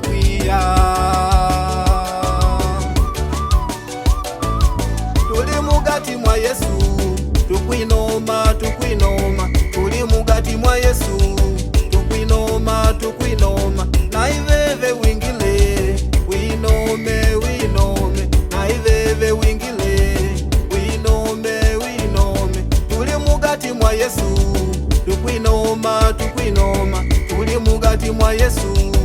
kwiya tuli mugati mwa Yesu tukwinoma tukwinoma tuli mugati mwa Yesu tukwinoma tukwinoma na iveve wingile winome winome na iveve wingile winome winome tuli mugati mwa Yesu tukwinoma tukwinoma tuli mugati mwa Yesu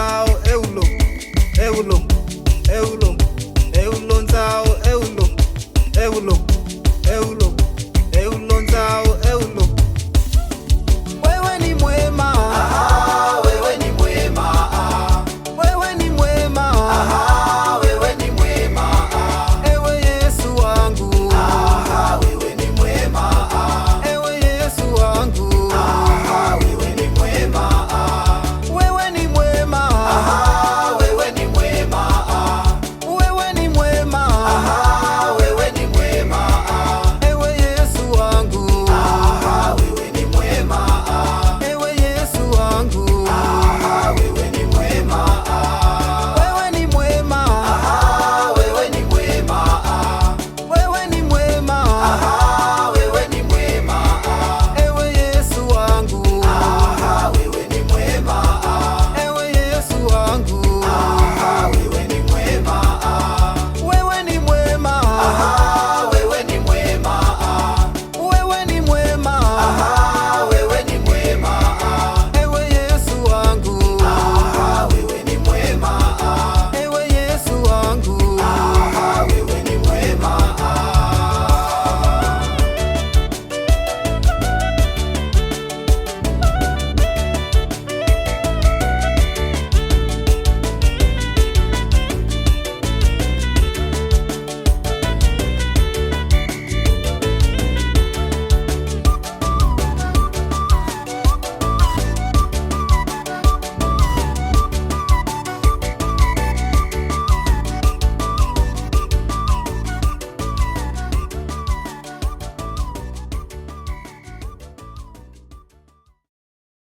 Tchau, Eu Eulo.